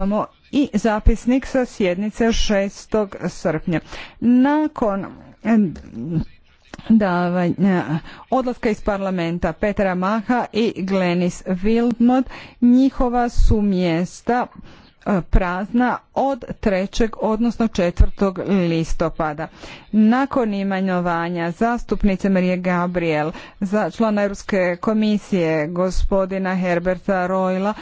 imamo i zapisnik sa sjednice 6. srpnja. Nakon davanja odlaska iz parlamenta Petra Maha i Glenis Wildmot, njihova su mjesta e, prazna od 3. odnosno 4. listopada. Nakon imenovanja zastupnice Marije Gabriel za člana Europske komisije gospodina Herberta Royla,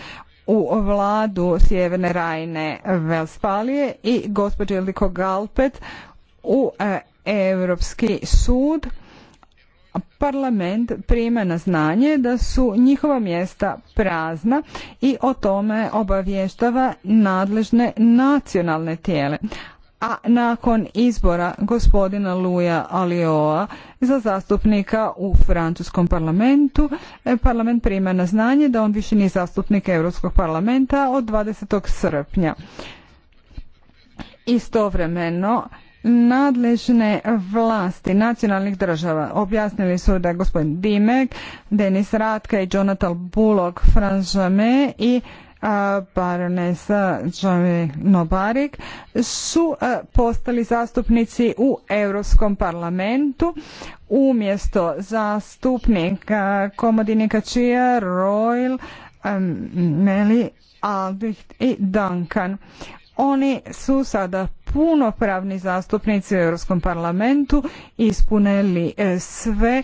u vladu Sjeverne Rajne Velspalije i gospođe Liko Galpet u e, Europski sud. Parlament prima na znanje da su njihova mjesta prazna i o tome obavještava nadležne nacionalne tijele a nakon izbora gospodina Luja Alioa za zastupnika u francuskom parlamentu. E, parlament prima na znanje da on više nije zastupnik Europskog parlamenta od 20. srpnja. Istovremeno, nadležne vlasti nacionalnih država objasnili su da gospodin Dimek, Denis Ratka i Jonathan Bullock, Franz i baronesa Johnny Nobarik su postali zastupnici u Europskom parlamentu umjesto zastupnika Komodini Kačija, Royal, Meli, Albrecht i Duncan. Oni su sada punopravni zastupnici u Europskom parlamentu, ispunili e, sve